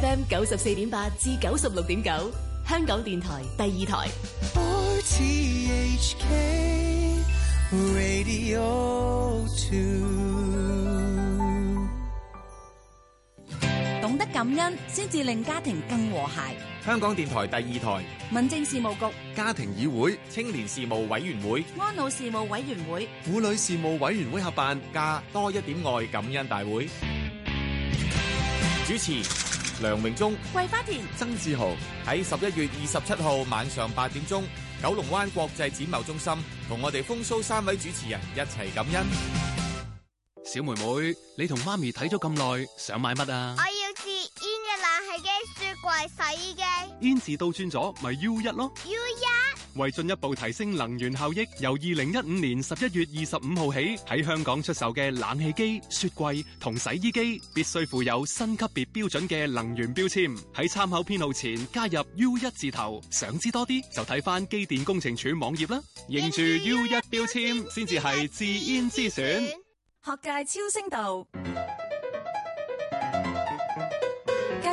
FM 九十四點八至九十六點九，9, 香港電臺第二台。RTHK Radio Two，懂得感恩先至令家庭更和諧。香港電臺第二台，民政事務局家庭議會、青年事務委員會、安老事務委員會、婦女事務委員會合辦，加多一點愛感恩大會，主持。梁榮忠、桂花田、曾志豪喺十一月二十七號晚上八點鐘，九龍灣國際展貿中心，同我哋風騷三位主持人一齊感恩。小妹妹，你同媽咪睇咗咁耐，想買乜啊？我要住煙嘅冷氣機、雪櫃、洗衣機。煙字倒轉咗，咪 U 一咯。U 一。為進一步提升能源效益，由二零一五年十一月二十五號起，喺香港出售嘅冷氣機、雪櫃同洗衣機，必須附有新級別標準嘅能源標籤。喺參考編號前加入 U 一字頭。想知多啲就睇翻機電工程署網頁啦。認住 U 一標籤先至係至慳之選。學界超聲道。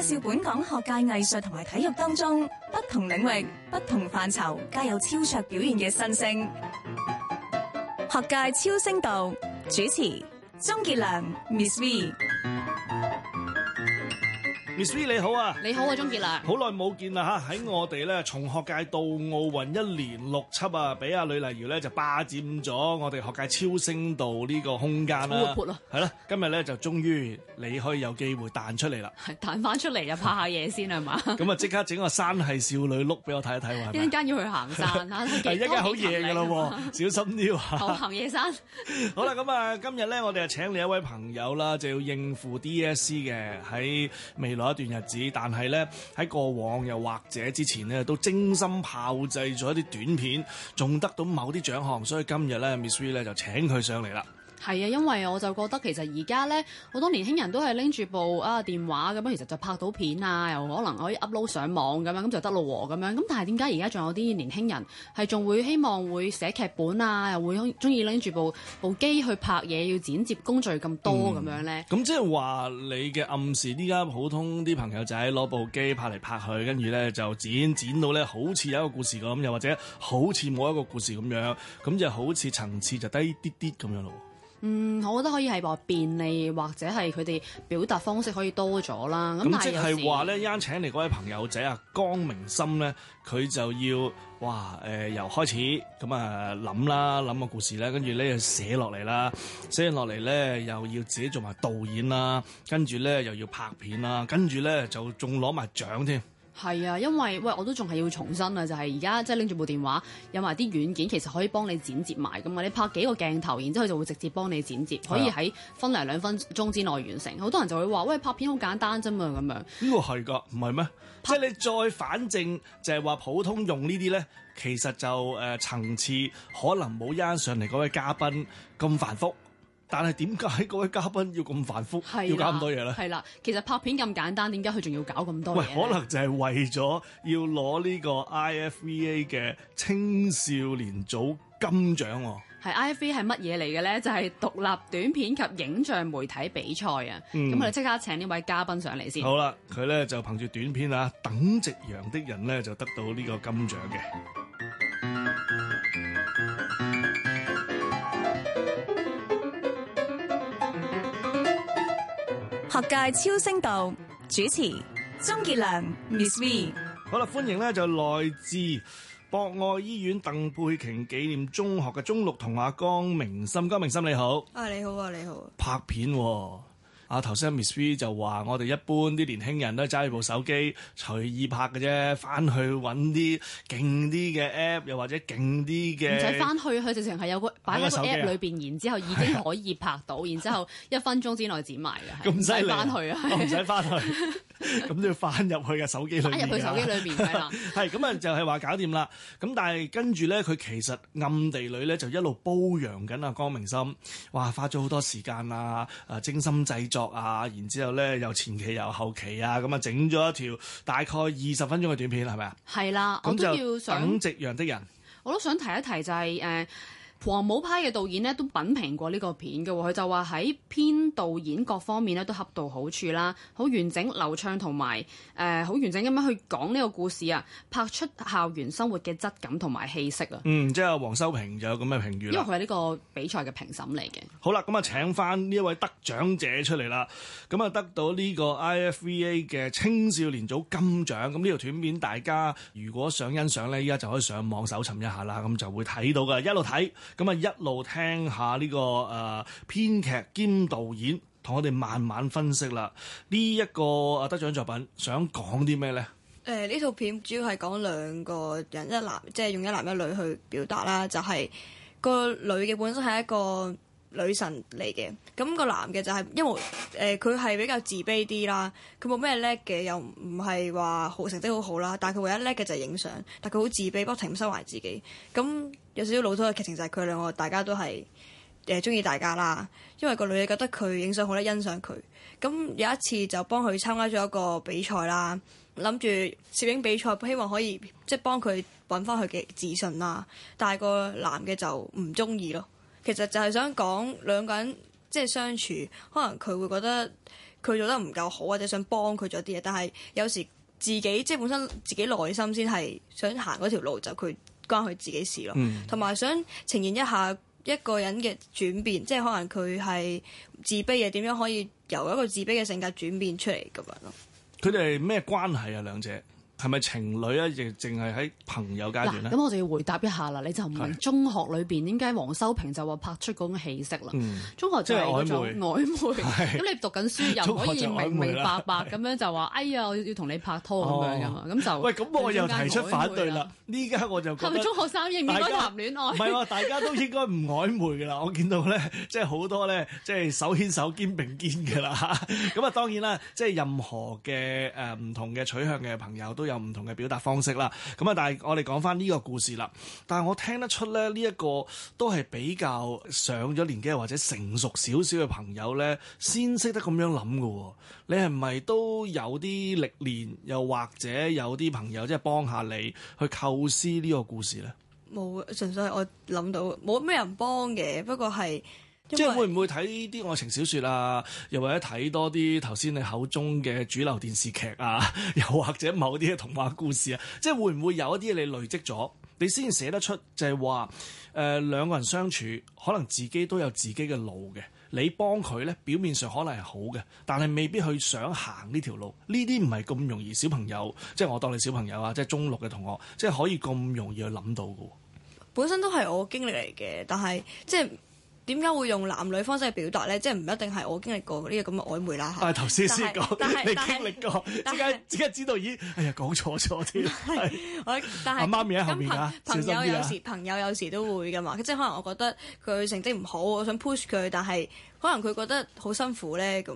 介紹本港學界藝術同埋體育當中，不同領域，不同範疇，皆有超卓表現嘅新星:學界超星度，主持，鍾傑良，Miss V Missy 你好啊，你好啊鍾傑良，好耐冇見啦吓，喺我哋咧從學界到奧運一連六輯啊，俾阿呂麗瑤咧就霸占咗我哋學界超升到呢個空間啦，活潑咯，係啦，今日咧就終於你可以有機會彈出嚟啦，彈翻出嚟又拍下嘢先係嘛，咁啊即刻整個山係少女 look 俾我睇一睇話，一陣間要去行山啊，一陣間好夜噶咯，小心啲啊，行夜山，好啦咁啊今日咧我哋啊請你一位朋友啦，就要應付 DSE 嘅喺未來。一段日子，但係咧喺過往又或者之前咧都精心炮製咗一啲短片，仲得到某啲獎項，所以今日咧 Ms V 咧就請佢上嚟啦。係啊，因為我就覺得其實而家咧，好多年輕人都係拎住部啊電話咁樣，其實就拍到片啊，又可能可以 upload 上網咁樣，咁就得咯喎咁樣。咁但係點解而家仲有啲年輕人係仲會希望會寫劇本啊，又會中意拎住部部機去拍嘢，要剪接工序咁多咁樣咧？咁、嗯、即係話你嘅暗示，而家普通啲朋友仔攞部機拍嚟拍去，跟住咧就剪剪到咧，好似有一個故事咁，又或者好似冇一個故事咁樣，咁就好似層次就低啲啲咁樣咯。嗯，我覺得可以係話便利，或者係佢哋表達方式可以多咗啦。咁即係話咧，依家請嚟嗰位朋友仔啊，江明心咧，佢就要哇誒、呃，由開始咁啊諗啦，諗個故事咧，跟住咧就寫落嚟啦，寫落嚟咧又要自己做埋導演啦，跟住咧又要拍片啦，跟住咧就仲攞埋獎添。係啊，因為喂，我都仲係要重申啊，就係而家即係拎住部電話，有埋啲軟件，其實可以幫你剪接埋噶嘛。你拍幾個鏡頭，然之後就會直接幫你剪接，的可以喺分零兩分鐘之內完成。好多人就會話：喂，拍片好簡單啫嘛，咁樣。呢個係噶，唔係咩？拍即係你再反正就係、是、話普通用呢啲咧，其實就誒、呃、層次可能冇啱啱上嚟嗰位嘉賓咁繁複。但係點解嗰位嘉賓要咁繁複，啊、要搞咁多嘢咧？係啦、啊，其實拍片咁簡單，點解佢仲要搞咁多嘢？可能就係為咗要攞呢個 IFVA 嘅青少年組金獎、啊。係 IFVA 係乜嘢嚟嘅咧？就係、是、獨立短片及影像媒體比賽啊！咁、嗯、我哋即刻請呢位嘉賓上嚟先。好啦，佢咧就憑住短片啊，《等夕陽的人呢》咧就得到呢個金獎嘅。界超聲道主持鍾傑良 Ms V，好啦，歡迎咧就來自博愛醫院鄧佩瓊紀念中學嘅中六同學江明心，江明心你好。啊，你好啊，你好。拍片啊。啊頭先 Miss V 就話我哋一般啲年輕人都揸住部手機隨意拍嘅啫，翻去揾啲勁啲嘅 app，又或者勁啲嘅。唔使翻去，佢直情係有個擺喺個 app、啊啊、裏邊，然之後已經可以拍到， 然之後一分鐘之內剪埋嘅。咁唔使翻去，啊唔使翻去，咁 要翻入去嘅手機裏面, 面。入去手機裏面係啦。係咁啊，就係話搞掂啦。咁但係跟住咧，佢其實暗地裏咧就一路褒揚緊阿江明心，哇花咗好多時間啊，啊精心製作。啊，然之後咧又前期又後期啊，咁啊整咗一條大概二十分鐘嘅短片，係咪啊？係啦的，咁這樣就等夕陽的人。我都想提一提就係、是、誒。呃狂舞派嘅導演咧都品評過呢個片嘅，佢就話喺編導演各方面咧都恰到好處啦，好完整流暢同埋誒好完整咁樣去講呢個故事啊，拍出校園生活嘅質感同埋氣息啊。嗯，即係黃修平就有咁嘅評語。因為佢係呢個比賽嘅評審嚟嘅。好啦，咁啊請返呢一位得獎者出嚟啦。咁啊得到呢個 IFVA 嘅青少年組金獎。咁呢條短片大家如果想欣賞呢，依家就可以上網搜尋一下啦，咁就會睇到嘅一路睇。咁啊，一路聽下呢、這個誒、呃、編劇兼導演同我哋慢慢分析啦。呢、這、一個啊得獎作品想講啲咩咧？誒、呃，呢套片主要係講兩個人，一男即係用一男一女去表達啦，就係、是、個女嘅本身係一個。女神嚟嘅，咁、那個男嘅就係、是、因為誒佢係比較自卑啲啦，佢冇咩叻嘅，又唔係話好成績好好啦，但係佢唯一叻嘅就係影相，但係佢好自卑，不停收埋自己。咁有少少老土嘅劇情就係佢兩個大家都係誒中意大家啦，因為個女嘅覺得佢影相好叻，欣賞佢。咁有一次就幫佢參加咗一個比賽啦，諗住攝影比賽，希望可以即係、就是、幫佢揾翻佢嘅自信啦。但係個男嘅就唔中意咯。其實就係想講兩個人即係相處，可能佢會覺得佢做得唔夠好，或者想幫佢做啲嘢。但係有時自己即係本身自己內心先係想行嗰條路，就佢關佢自己事咯。同埋、嗯、想呈現一下一個人嘅轉變，即係可能佢係自卑嘅，點樣可以由一個自卑嘅性格轉變出嚟咁樣咯。佢哋係咩關係啊？兩者？係咪情侶咧？亦淨係喺朋友階段咧？咁我就要回答一下啦。你就唔係中學裏邊點解黃修平就話拍出嗰種氣息啦？中學真係嗰種曖昧。咁你讀緊書又可以明明白白咁樣就話哎呀，我要同你拍拖咁樣噶。咁就喂，咁我又提出反對啦。呢家我就覺得中學生應唔應該談戀愛？唔係大家都應該唔曖昧噶啦。我見到咧，即係好多咧，即係手牽手、肩並肩噶啦。咁啊，當然啦，即係任何嘅誒唔同嘅取向嘅朋友都。有唔同嘅表達方式啦，咁啊，但係我哋講翻呢個故事啦。但係我聽得出咧，呢一個都係比較上咗年紀或者成熟少少嘅朋友呢，先識得咁樣諗嘅。你係咪都有啲歷練，又或者有啲朋友即係幫下你去構思呢個故事呢？冇，純粹係我諗到，冇咩人幫嘅。不過係。即係會唔會睇啲愛情小説啊？又或者睇多啲頭先你口中嘅主流電視劇啊？又或者某啲嘅童話故事啊？即係會唔會有一啲你累積咗，你先寫得出就？就係話誒，兩個人相處，可能自己都有自己嘅路嘅。你幫佢呢，表面上可能係好嘅，但係未必去想行呢條路。呢啲唔係咁容易。小朋友，即係我當你小朋友啊，即係中六嘅同學，即係可以咁容易去諗到嘅。本身都係我經歷嚟嘅，但係即係。就係點解會用男女方式去表達咧？即係唔一定係我經歷過呢個咁嘅曖昧啦、啊、但係頭先先講，你經歷過，點解點解知道？咦，哎呀，講錯咗添。但是是我但係阿媽，媽喺後面啊，媽面啊，小心啊，朋友有時、啊、朋友有時朋友有時都會噶嘛，即係可能我覺得佢成績唔好，我想 push 佢，但係可能佢覺得好辛苦咧咁。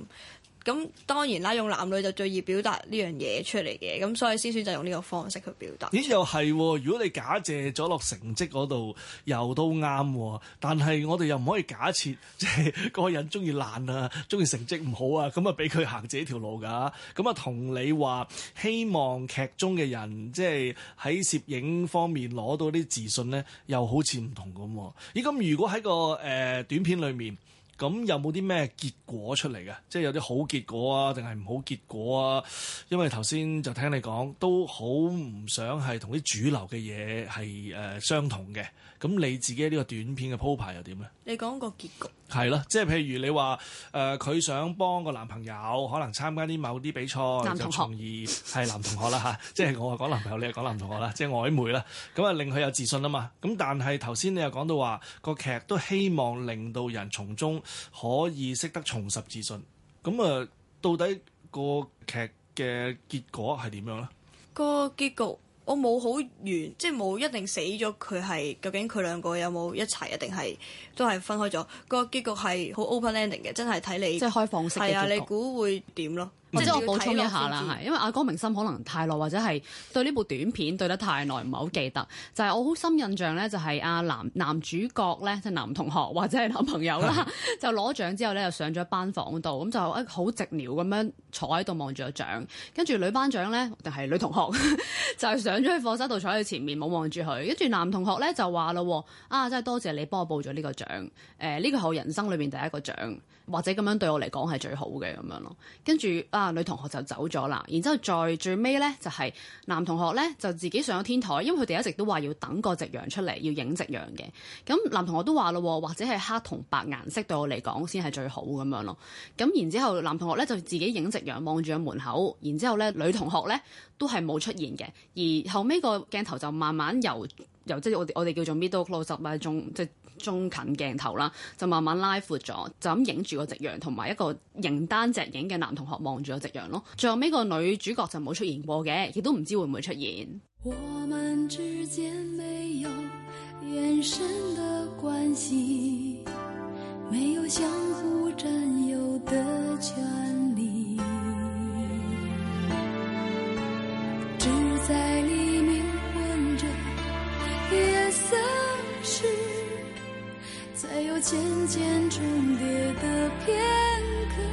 咁當然啦，用男女就最易表達呢樣嘢出嚟嘅，咁所以先選就用呢個方式去表達。咦？又係喎，如果你假借咗落成績嗰度，又都啱喎。但係我哋又唔可以假設即係嗰個人中意爛啊，中意成績唔好啊，咁啊俾佢行自己條路㗎、啊。咁啊同你話希望劇中嘅人即係喺攝影方面攞到啲自信咧，又好似唔同咁喎、啊。咦？咁如果喺個誒、呃、短片裡面？咁有冇啲咩結果出嚟嘅？即係有啲好結果啊，定係唔好結果啊？因為頭先就聽你講，都好唔想係同啲主流嘅嘢係誒相同嘅。咁你自己呢個短片嘅鋪排又點咧？你講個結局係咯，即係譬如你話誒，佢、呃、想幫個男朋友可能參加啲某啲比賽，男同學係男同學啦嚇，即係我講男朋友，你講 男同學啦，即係 曖昧啦。咁啊令佢有自信啊嘛。咁但係頭先你又講到話、個劇都希望令到人從中，可以識得重拾自信，咁啊，到底個劇嘅結果係點樣呢？個結局我冇好完，即係冇一定死咗佢係，究竟佢兩個有冇一齊，一定係都係分開咗？個結局係好 open ending 嘅，真係睇你，即係開放式嘅結局，係啊，你估會點咯？即係我補充一下啦，係 因為阿江明心可能太耐或者係對呢部短片對得太耐，唔係好記得。就係、是、我好深印象咧、啊，就係阿男男主角咧，即係男同學或者係男朋友啦， 就攞獎之後咧，就上咗班房度，咁就一好寂寥咁樣坐喺度望住個獎。跟住女班長咧，定係女同學 就係上咗去課室度坐喺佢前面，冇望住佢。跟住男同學咧就話咯：啊，真係多謝，謝你幫我報咗呢個獎。誒、呃，呢、這個係我人生裏面第一個獎。或者咁樣對我嚟講係最好嘅咁樣咯，跟住啊女同學就走咗啦，然之後再最尾呢，就係、是、男同學呢，就自己上咗天台，因為佢哋一直都話要等個夕陽出嚟要影夕陽嘅。咁男同學都話咯，或者係黑同白顏色對我嚟講先係最好咁樣咯。咁然之後男同學呢，就自己影夕陽望住個門口，然之後呢，女同學呢，都係冇出現嘅。而後尾個鏡頭就慢慢由由即係、就是、我我哋叫做 mid to close up 啊，仲即、就是中近鏡頭啦，就慢慢拉闊咗，就咁影住個夕陽同埋一個形單隻影嘅男同學望住個夕陽咯。最後尾個女主角就冇出現過嘅，亦都唔知會唔會出現。我們之間沒有延伸的關係，沒有相互佔有的權利。 還有漸漸重疊的片刻，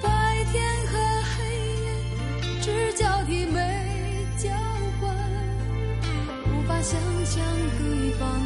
白天和黑夜只交替沒交換，無法想象可以放。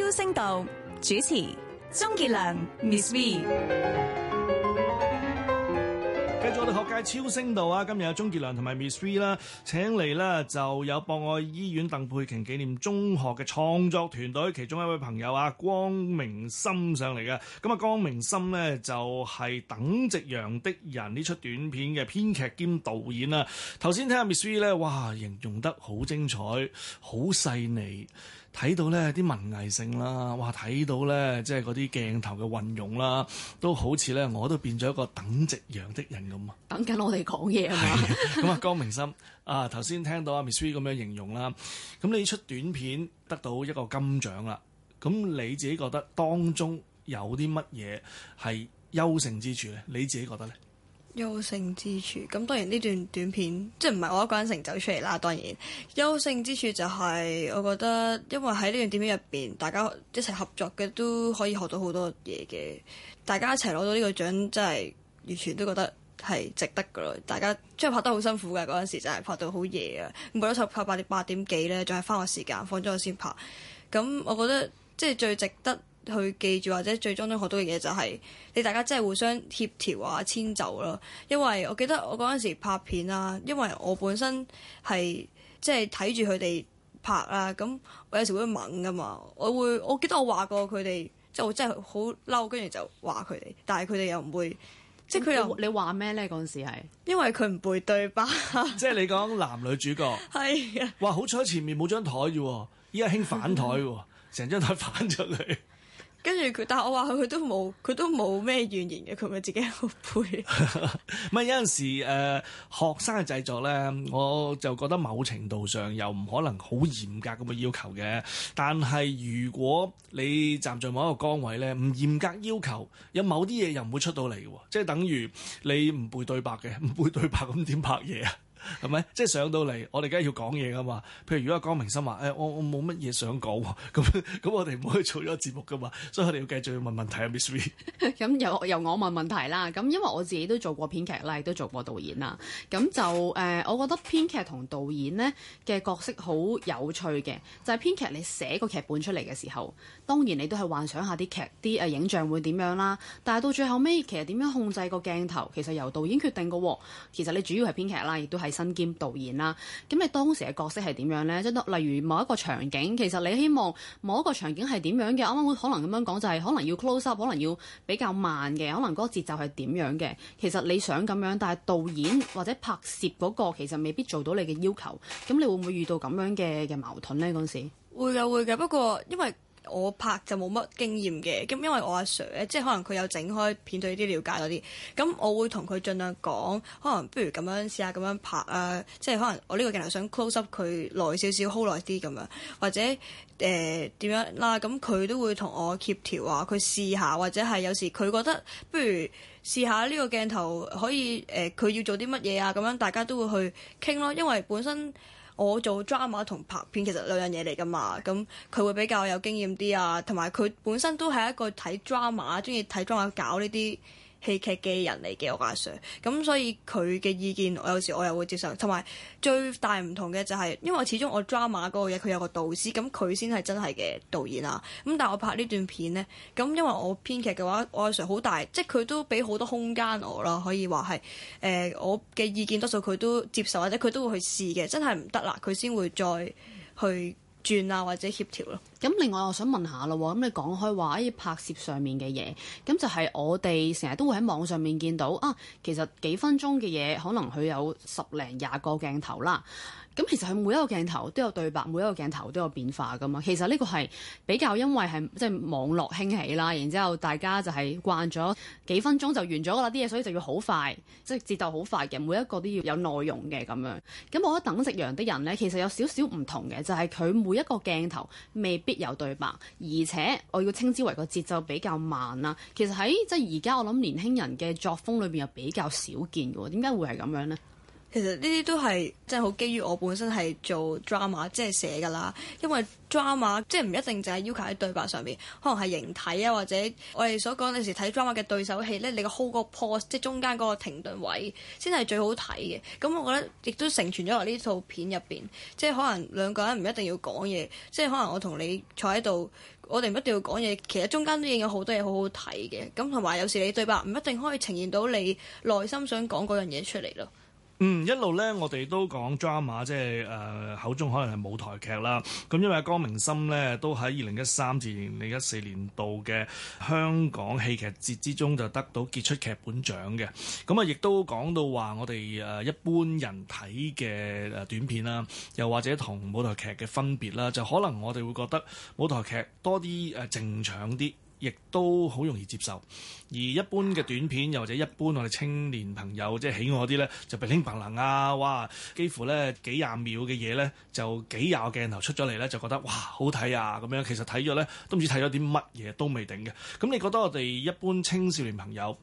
超聲道主持鍾傑良 Ms V，繼續我哋學界超聲道啊！今日有鍾傑良同埋 Ms V 啦，請嚟啦，就有博愛醫院鄧佩瓊紀念中學嘅創作團隊，其中一位朋友啊，江明心上嚟嘅。咁啊，江明心呢就係、是、等夕陽的人呢出短片嘅編劇兼導演啦。頭先聽下 Ms V 咧，哇，形容得好精彩，好細膩。睇到咧啲文藝性啦，哇！睇到咧即係嗰啲鏡頭嘅運用啦，都好似咧我都變咗一個等夕陽的人咁啊！等緊我哋講嘢啊嘛！咁啊，江明心 啊，頭先聽到阿 Ms V 咁樣形容啦，咁你出短片得到一個金獎啦，咁你自己覺得當中有啲乜嘢係優勝之處咧？你自己覺得咧？優勝之處，咁當然呢段短片即係唔係我一個人成走出嚟啦。當然優勝之處就係我覺得，因為喺呢段短片入邊，大家一齊合作嘅都可以學到好多嘢嘅。大家一齊攞到呢個獎，真係完全都覺得係值得噶啦。大家即係拍得好辛苦嘅嗰陣時就，就係拍到好夜啊，咁得咗拍八點八點幾咧，仲係翻學時間放咗我先拍。咁我覺得即係最值得。去記住或者最終都學到嘅嘢就係，你大家真係互相協調啊，遷就咯。因為我記得我嗰陣時拍片啊，因為我本身係即係睇住佢哋拍啦，咁我有時會猛㗎嘛，我會我記得我話過佢哋，即係我真係好嬲，跟住就話佢哋，但係佢哋又唔會，即係佢又你話咩咧，嗰陣時係因為佢唔背對白，即係你講男女主角係 是啊哇，哇好彩前面冇張台啫，依家興反台喎，成 張台反咗嚟。跟住佢，但係我話佢，佢都冇，佢都冇咩怨言嘅，佢咪自己好背。咪 有陣時誒、呃、學生嘅製作咧，我就覺得某程度上又唔可能好嚴格咁嘅要求嘅。但係如果你站在某一個崗位咧，唔嚴格要求，有某啲嘢又唔會出到嚟嘅，即係等於你唔背對白嘅，唔背對白咁點拍嘢啊？係咪？即係上到嚟，我哋梗係要講嘢噶嘛？譬如如果阿江明心話，誒、欸，我我冇乜嘢想講，咁咁 我哋唔可以做咗個節目噶嘛？所以我哋要繼續去問問題啊，Miss V。咁、 嗯、由由我問問題啦。咁、嗯、因為我自己都做過編劇啦，亦都做過導演啦。咁、嗯、就誒、呃，我覺得編劇同導演呢嘅角色好有趣嘅。就係編劇你寫個劇本出嚟嘅時候，當然你都係幻想下啲劇啲誒影像會點樣啦。但係到最後尾，其實點樣控制個鏡頭，其實由導演決定噶。其實你主要係編劇啦，亦都係。身兼導演啦，咁你當時嘅角色係點樣呢？即係例如某一個場景，其實你希望某一個場景係點樣嘅？啱啱可能咁樣講，就係可能要 close up，可能要比較慢嘅，可能嗰個節奏係點樣嘅？其實你想咁樣，但係導演或者拍攝嗰個其實未必做到你嘅要求，咁你會唔會遇到咁樣嘅嘅矛盾呢？嗰陣時會嘅會嘅，不過因為。我拍就冇乜經驗嘅，咁因為我阿 Sir 即係可能佢有整開片對啲了解多啲，咁我會同佢盡量講，可能不如咁樣試下，咁樣拍啊，即係可能我呢個鏡頭想 close up 佢耐少少，hold 耐啲咁樣，或者誒點、呃、樣啦、啊，咁佢都會同我協調啊，佢試下，或者係有時佢覺得不如試下呢個鏡頭可以誒，佢、呃、要做啲乜嘢啊，咁樣大家都會去傾咯，因為本身。我做 drama 同拍片其實兩樣嘢嚟㗎嘛，咁佢會比較有經驗啲啊，同埋佢本身都係一個睇 drama，中意睇 drama 搞呢啲，戲劇嘅人嚟嘅，我阿 Sir 咁，所以佢嘅意見，我有時我又會接受。同埋最大唔同嘅就係、是，因為我始終我 drama 嗰個嘢，佢有個導師，咁佢先係真係嘅導演啦。咁但係我拍呢段片咧，咁因為我編劇嘅話，我阿 Sir 好大，即係佢都俾好多空間我啦，可以話係誒我嘅意見，多數佢都接受，或者佢都會去試嘅。真係唔得啦，佢先會再去。轉啊或者協調咯。咁另外我想問下咯喎，咁你講開話拍攝上面嘅嘢，咁就係我哋成日都會喺網上面見到啊，其實幾分鐘嘅嘢，可能佢有十零廿個鏡頭啦。咁其實佢每一個鏡頭都有對白，每一個鏡頭都有變化噶嘛。其實呢個係比較因為係即係網絡興起啦，然之後大家就係慣咗幾分鐘就完咗噶啦啲嘢，所以就要好快，即係節奏好快嘅，每一個都要有內容嘅咁樣。咁、嗯、我覺得《等夕陽的人》呢，其實有少少唔同嘅，就係、是、佢每一個鏡頭未必有對白，而且我要稱之為個節奏比較慢啦。其實喺即係而家我諗年輕人嘅作風裏邊又比較少見嘅喎，點解會係咁樣呢？其實呢啲都係真係好基於我本身係做 drama，即係寫㗎啦。因為 drama 即係唔一定淨係要求喺對白上面，可能係形體啊，或者我哋所講有時睇 drama 嘅對手戲咧，你個 hold 個 pose，即係中間嗰個停頓位先係最好睇嘅。咁我覺得亦都承傳咗喺呢套片入邊，即係可能兩個人唔一定要講嘢，即係可能我同你坐喺度，我哋唔一定要講嘢，其實中間都已經有好多嘢好好睇嘅。咁同埋有時你對白唔一定可以呈現到你內心想講嗰樣嘢出嚟咯。嗯，一路呢，我哋都講 drama，即係誒、呃、口中可能係舞台劇啦。咁因為江明心呢，都喺二零一三至二零一四年度嘅香港戲劇節之中就得到傑出劇本獎嘅。咁、嗯、啊，亦都講到話我哋誒、呃、一般人睇嘅誒短片啦，又或者同舞台劇嘅分別啦，就可能我哋會覺得舞台劇多啲誒正常啲。呃亦都好容易接受，而一般嘅短片，又或者一般我哋青年朋友即係喜愛嗰啲咧，就 bling bling 啊！哇，幾乎咧幾廿秒嘅嘢咧，就幾廿個鏡頭出咗嚟咧，就覺得哇好睇啊！咁樣其實睇咗咧都唔知睇咗啲乜嘢都未定嘅。咁你覺得我哋一般青少年朋友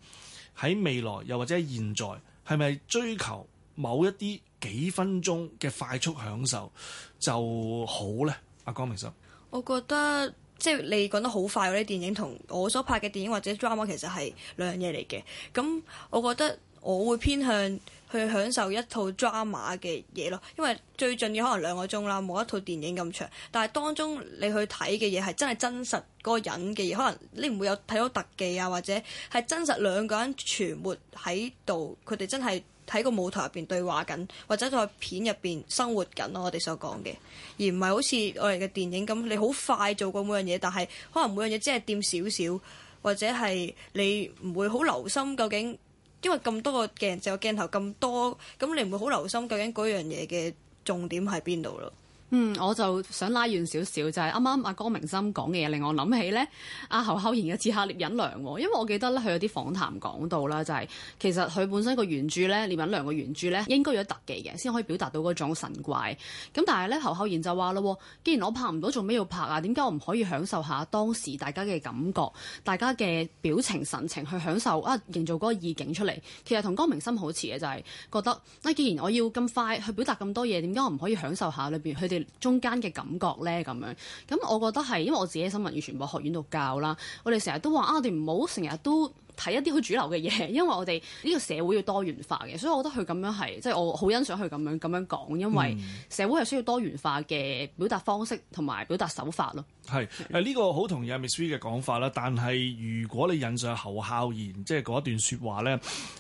喺未來又或者喺現在，係咪追求某一啲幾分鐘嘅快速享受就好咧？阿、啊、江明心，我覺得。即係你講得好快嗰啲電影，同我所拍嘅電影或者 drama 其實係兩樣嘢嚟嘅。咁我覺得我會偏向去享受一套 drama 嘅嘢咯，因為最盡嘅可能兩個鐘啦，冇一套電影咁長。但係當中你去睇嘅嘢係真係真實嗰個人嘅嘢，可能你唔會有睇到特技啊，或者係真實兩個人全沒喺度，佢哋真係。睇個舞台入邊對話緊，或者在片入邊生活緊咯。我哋所講嘅，而唔係好似我哋嘅電影咁，你好快做過每樣嘢，但係可能每樣嘢只係掂少少，或者係你唔會好留心究竟，因為咁多個鏡，就鏡頭咁多，咁你唔會好留心究竟嗰樣嘢嘅重點喺邊度咯。嗯，我就想拉遠少少，就係啱啱阿江明心講嘅嘢令我諗起咧，阿侯孝賢嘅《刺客聶隱娘》喎，因為我記得咧佢有啲訪談講到啦，就係、是、其實佢本身個原著咧，《聶隱娘》個原著咧應該有特技嘅，先可以表達到嗰種神怪。咁但係咧侯孝賢就話嘞，既然我拍唔到，做咩要拍啊？點解我唔可以享受下當時大家嘅感覺、大家嘅表情神情去享受啊，營造嗰個意境出嚟？其實同江明心好似嘅，就係、是、覺得，那、哎、既然我要咁快去表達咁多嘢，點解我唔可以享受下裏邊佢哋？中間嘅感覺呢，咁樣，咁我覺得係因為我自己喺新聞與傳播學院度教啦，我哋成日都話啊，我哋唔好成日都睇一啲好主流嘅嘢，因為我哋呢個社會要多元化嘅，所以我覺得佢咁樣係即係我好欣賞佢咁樣咁樣講，因為社會係需要多元化嘅表達方式同埋表達手法咯。係誒呢個好同意阿 Miss V 嘅講法啦，但係如果你引上侯孝賢，即係一段說話咧，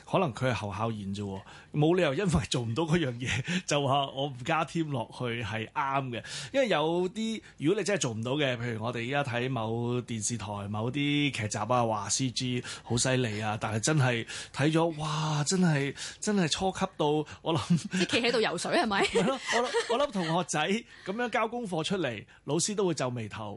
可能佢係侯孝賢啫，冇理由因為做唔到樣嘢就話我唔加添落去係啱嘅，因為有啲如果你真係做唔到嘅，譬如我哋而家睇某電視台某啲劇集啊，話 CG 好犀利啊，但係真係睇咗，哇！真係真係初級到我諗企喺度游水係咪？我 我諗同學仔咁樣交功課出嚟，老師都會皺眉頭。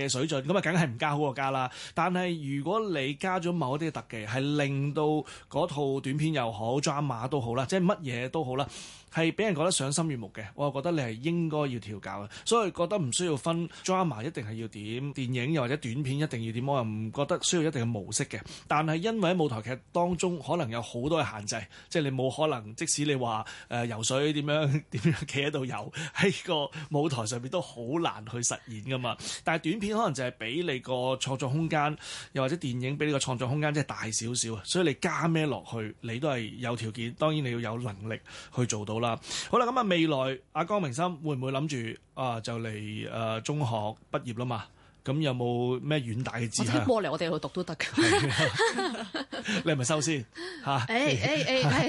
嘅水準咁啊，梗係唔加好過加啦。但係如果你加咗某一啲特技，係令到嗰套短片又好、drama 都好啦，即係乜嘢都好啦，係俾人覺得賞心悅目嘅，我又覺得你係應該要調教嘅。所以覺得唔需要分 drama 一定係要點，電影又或者短片一定要點，我又唔覺得需要一定嘅模式嘅。但係因為喺舞台劇當中，可能有好多嘅限制，即係你冇可能，即使你話誒、呃、游水點樣點樣企喺度游，喺個舞台上邊都好難去實現㗎嘛。但係短。可能就係俾你個創作空間，又或者電影俾你個創作空間，即係大少少啊！所以你加咩落去，你都係有條件，當然你要有能力去做到啦。好啦，咁啊，未來阿江明心會唔會諗住啊，就嚟誒、呃、中學畢業啦嘛？咁有冇咩遠大嘅志向？我拎波嚟我哋度讀都得㗎， 你係咪收先嚇？誒誒誒，哎哎、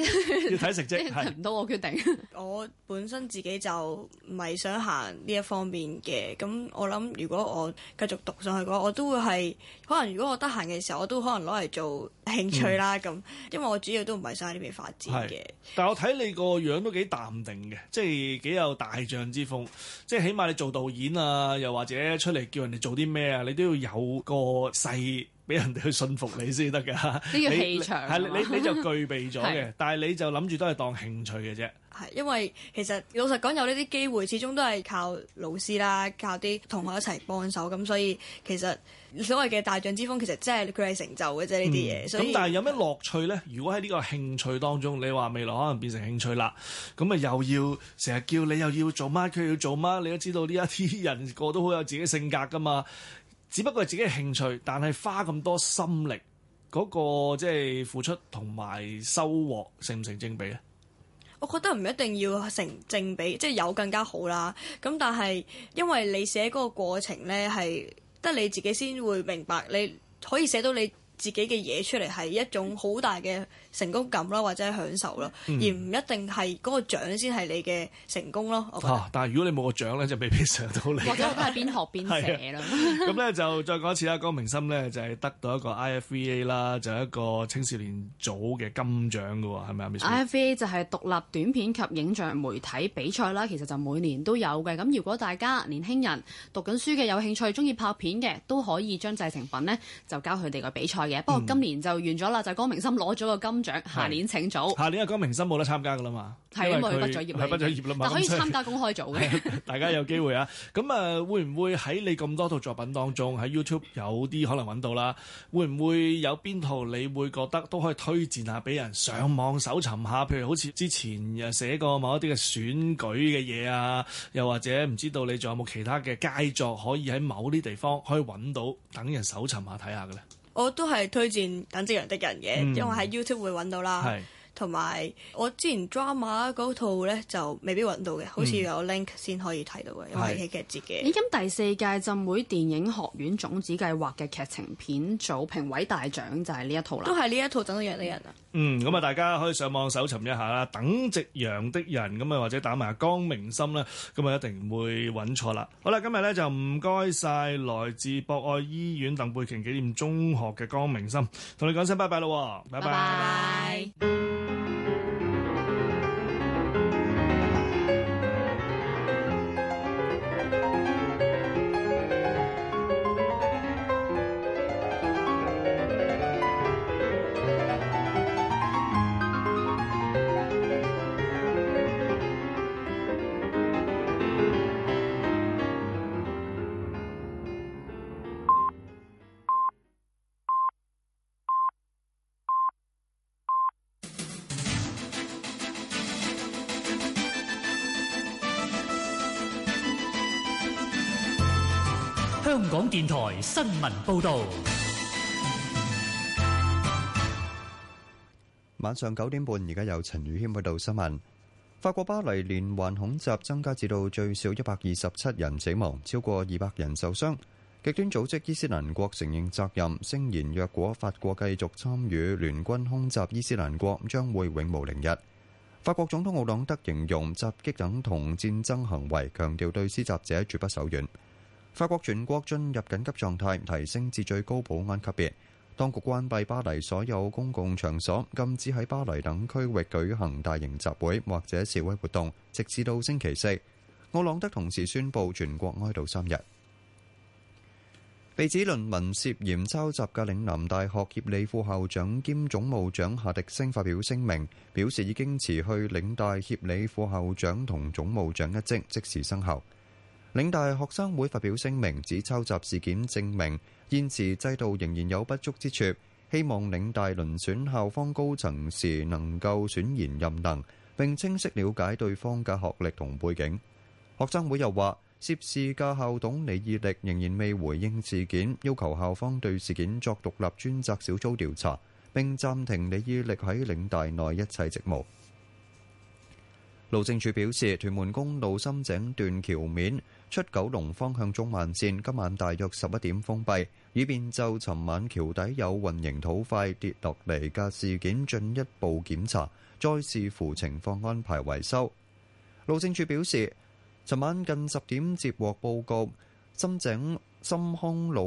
要睇成績，唔 到我決定。我本身自己就唔係想行呢一方面嘅，咁我諗如果我繼續讀上去嘅話，我都會係可能。如果我得閒嘅時候，我都可能攞嚟做興趣啦。咁、嗯、因為我主要都唔係想喺呢邊發展嘅。但係我睇你個樣都幾淡定嘅，即係幾有大將之風。即係起碼你做導演啊，又或者出嚟叫人哋做啲。咩啊？你都要有個勢俾人哋去信服你先得噶。呢個氣場。係你你，你就具備咗嘅， 是但係你就諗住都係當興趣嘅啫。係因為其實老實講，有呢啲機會始終都係靠老師啦，靠啲同學一齊幫手咁， 所以其實。所謂嘅大將之風，其實即係佢係成就嘅啫，呢啲嘢。咁但係有咩樂趣咧？如果喺呢個興趣當中，你話未來可能變成興趣啦，咁啊又要成日叫你又要做乜？佢要做乜？你都知道呢一啲人個都好有自己性格噶嘛。只不過係自己興趣，但係花咁多心力嗰個即係付出同埋收穫成唔成正比咧？我覺得唔一定要成正比，即係有更加好啦。咁但係因為你寫嗰個過程咧係。得你自己先會明白，你可以寫到你自己嘅嘢出嚟係一種好大嘅成功感啦，或者享受咯，嗯、而唔一定係嗰個獎先係你嘅成功咯、啊。但係如果你冇個獎咧，就未必上到嚟。或者我都係邊學邊寫咯。咁咧就再講一次啦，江明心咧就係得到一個 IFVA 啦，就係一個青少年組嘅金獎嘅，係係咪？IFVA 就係獨立短片及影像媒體比賽啦，其實就每年都有嘅。咁如果大家年輕人讀緊書嘅，有興趣中意拍片嘅，都可以將製成品咧就交佢哋嘅比賽。嘅，不過今年就完咗啦。嗯、就江明心攞咗個金獎，下是年請早。下年阿江明心冇得參加噶啦嘛，係啊是，因為佢畢咗業啦嘛，可以參加公開組嘅。以 大家有機會啊。咁啊， 會唔會喺你咁多套作品當中喺 YouTube 有啲可能揾到啦？會唔會有邊套你會覺得都可以推薦下俾人上網搜尋下？譬如好似之前又寫過某一啲嘅選舉嘅嘢啊，又或者唔知道你仲有冇其他嘅佳作可以喺某啲地方可以揾到，等人搜尋下睇下嘅咧？我都係推薦等之陽的人嘅，因為喺 YouTube 會揾到啦。嗯同埋，我之前 drama 嗰套咧就未必揾到嘅，好似有 link 先可以睇到嘅，嗯、因為劇節嘅。咦是？咁第四屆浸會電影學院種子計劃嘅劇情片組評委大獎就係呢一套啦。都係呢一套，等緊約呢人啊。嗯，咁啊，大家可以上網搜尋一下啦，嗯《等夕陽的人》咁啊，或者打埋江明心啦，咁啊一定唔會揾錯啦。好啦，今日咧就唔該晒來自博愛醫院鄧佩瓊紀念中學嘅江明心，同你講聲拜拜啦，拜拜。拜拜拜拜。新聞報道。晚上九點半，而家有陳宇謙報道新聞。法國巴黎連環恐襲增加至到最少一百二十七人死亡，超過二百人受傷。極端組織伊斯蘭國承認責任，聲言若果法國繼續參與聯軍空襲伊斯蘭國，將會永無寧日。法國總統奧朗德形容襲擊等同戰爭行為，強調對施襲者絕不手軟。法國全國進入緊急狀態，提升至最高保安級別。當局關閉巴黎所有公共場所，禁止喺巴黎等區域舉行大型集會或者示威活動，直至到星期四。奧朗德同時宣布全國哀悼三日。被指論文涉嫌抄襲嘅嶺南大學協理副校長兼總務長夏迪星發表聲明，表示已經辭去嶺大協理副校長同總務長一職，即時生效。嶺大學生會發表聲明，指抄襲事件證明現時制度仍然有不足之處，希望嶺大輪選校方高層時能夠選賢任能，並清晰了解對方嘅學歷同背景。學生會又話，涉事嘅校董李義力仍然未回應事件，要求校方對事件作獨立專責小組調查，並暫停李義力喺嶺大內一切職務。路政署表示，屯門公路深井段橋面，出九龍方向中慢線，今晚大約十一點封閉，以便就尋晚橋底有混凝土塊跌落嚟嘅事件進一步檢查，再視乎情況安排維修。路政署表示，尋晚近十點接獲報告，深井深康路。